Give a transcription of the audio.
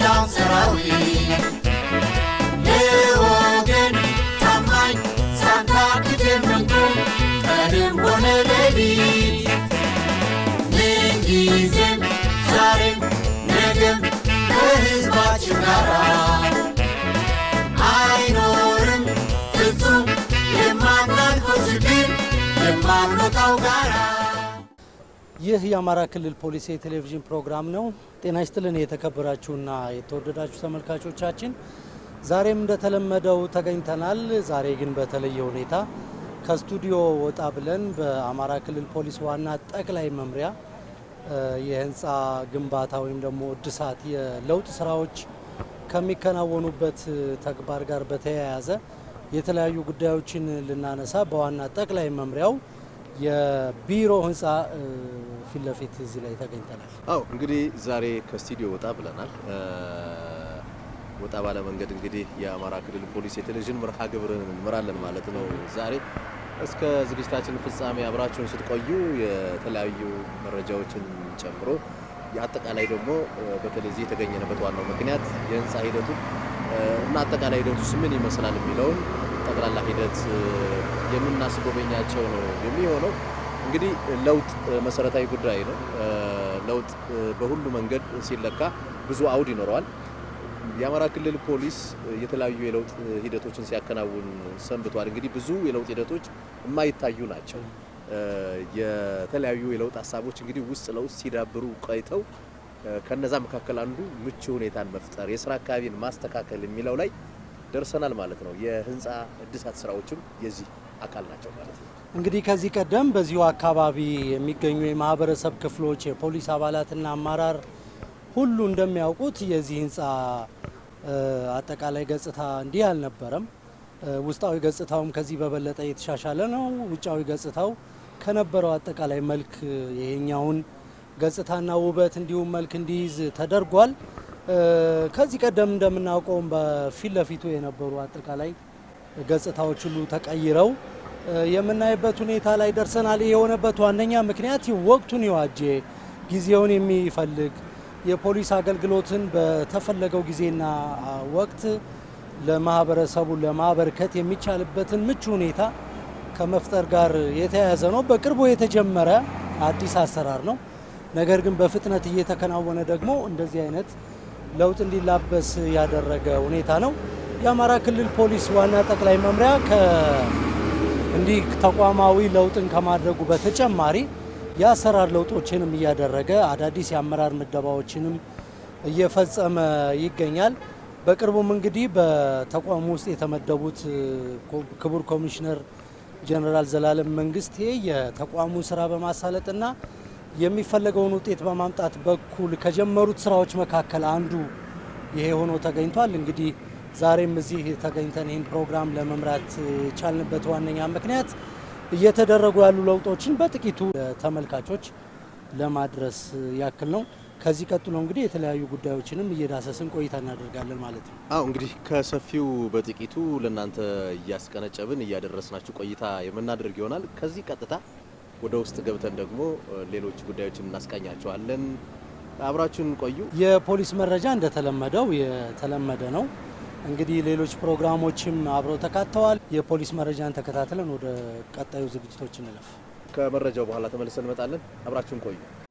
dance. ይህ የአማራ ክልል ፖሊስ የቴሌቪዥን ፕሮግራም ነው። ጤና ይስጥልን የተከበራችሁና የተወደዳችሁ ተመልካቾቻችን፣ ዛሬም እንደተለመደው ተገኝተናል። ዛሬ ግን በተለየ ሁኔታ ከስቱዲዮ ወጣ ብለን በአማራ ክልል ፖሊስ ዋና ጠቅላይ መምሪያ የህንፃ ግንባታ ወይም ደግሞ እድሳት የለውጥ ስራዎች ከሚከናወኑበት ተግባር ጋር በተያያዘ የተለያዩ ጉዳዮችን ልናነሳ በዋና ጠቅላይ መምሪያው የቢሮ ህንፃ ፊት ለፊት እዚህ ላይ ተገኝተናል። አዎ እንግዲህ ዛሬ ከስቱዲዮ ወጣ ብለናል። ወጣ ባለ መንገድ እንግዲህ የአማራ ክልል ፖሊስ የቴሌቪዥን መርሃ ግብርን እንመራለን ማለት ነው። ዛሬ እስከ ዝግጅታችን ፍጻሜ አብራችሁን ስትቆዩ የተለያዩ መረጃዎችን ጨምሮ አጠቃላይ ደግሞ በተለይ እዚህ የተገኘንበት ዋናው ምክንያት የህንፃ ሂደቱ እና አጠቃላይ ሂደቱስ ምን ይመስላል የሚለውን ጠቅላላ ሂደት የምናስጎበኛቸው ነው የሚሆነው። እንግዲህ ለውጥ መሰረታዊ ጉዳይ ነው። ለውጥ በሁሉ መንገድ ሲለካ ብዙ አውድ ይኖረዋል። የአማራ ክልል ፖሊስ የተለያዩ የለውጥ ሂደቶችን ሲያከናውን ሰንብቷል። እንግዲህ ብዙ የለውጥ ሂደቶች የማይታዩ ናቸው። የተለያዩ የለውጥ ሀሳቦች እንግዲህ ውስጥ ለውስጥ ሲዳብሩ ቆይተው ከነዛ መካከል አንዱ ምቹ ሁኔታን መፍጠር፣ የስራ አካባቢን ማስተካከል የሚለው ላይ ደርሰናል ማለት ነው። የህንፃ እድሳት ስራዎችም የዚህ አካል ናቸው ማለት ነው። እንግዲህ ከዚህ ቀደም በዚሁ አካባቢ የሚገኙ የማህበረሰብ ክፍሎች፣ የፖሊስ አባላትና አመራር ሁሉ እንደሚያውቁት የዚህ ህንፃ አጠቃላይ ገጽታ እንዲህ አልነበረም። ውስጣዊ ገጽታውም ከዚህ በበለጠ የተሻሻለ ነው። ውጫዊ ገጽታው ከነበረው አጠቃላይ መልክ ይሄኛውን ገጽታና ውበት እንዲሁም መልክ እንዲይዝ ተደርጓል። ከዚህ ቀደም እንደምናውቀውም በፊት ለፊቱ የነበሩ አጠቃላይ ገጽታዎች ሁሉ ተቀይረው የምናይበት ሁኔታ ላይ ደርሰናል። ይህ የሆነበት ዋነኛ ምክንያት ወቅቱን የዋጀ ጊዜውን የሚፈልግ የፖሊስ አገልግሎትን በተፈለገው ጊዜና ወቅት ለማህበረሰቡ ለማበርከት የሚቻልበትን ምቹ ሁኔታ ከመፍጠር ጋር የተያያዘ ነው። በቅርቡ የተጀመረ አዲስ አሰራር ነው። ነገር ግን በፍጥነት እየተከናወነ ደግሞ እንደዚህ አይነት ለውጥ እንዲላበስ ያደረገ ሁኔታ ነው። የአማራ ክልል ፖሊስ ዋና ጠቅላይ መምሪያ እንዲህ ተቋማዊ ለውጥን ከማድረጉ በተጨማሪ የአሰራር ለውጦችንም እያደረገ አዳዲስ የአመራር ምደባዎችንም እየፈጸመ ይገኛል። በቅርቡም እንግዲህ በተቋሙ ውስጥ የተመደቡት ክቡር ኮሚሽነር ጀነራል ዘላለም መንግስቴ የተቋሙ ስራ በማሳለጥና የሚፈለገውን ውጤት በማምጣት በኩል ከጀመሩት ስራዎች መካከል አንዱ ይሄ ሆኖ ተገኝቷል። እንግዲህ ዛሬም እዚህ ተገኝተን ይህን ፕሮግራም ለመምራት የቻልንበት ዋነኛ ምክንያት እየተደረጉ ያሉ ለውጦችን በጥቂቱ ተመልካቾች ለማድረስ ያክል ነው። ከዚህ ቀጥሎ እንግዲህ የተለያዩ ጉዳዮችንም እየዳሰስን ቆይታ እናደርጋለን ማለት ነው። አዎ እንግዲህ ከሰፊው በጥቂቱ ለእናንተ እያስቀነጨብን እያደረስናችሁ ቆይታ የምናደርግ ይሆናል። ከዚህ ቀጥታ ወደ ውስጥ ገብተን ደግሞ ሌሎች ጉዳዮችን እናስቃኛቸዋለን። አብራችሁን ቆዩ። የፖሊስ መረጃ እንደተለመደው የተለመደ ነው። እንግዲህ ሌሎች ፕሮግራሞችም አብረው ተካተዋል። የፖሊስ መረጃን ተከታትለን ወደ ቀጣዩ ዝግጅቶች እንለፍ። ከመረጃው በኋላ ተመልሰን እንመጣለን። አብራችሁን ቆዩ።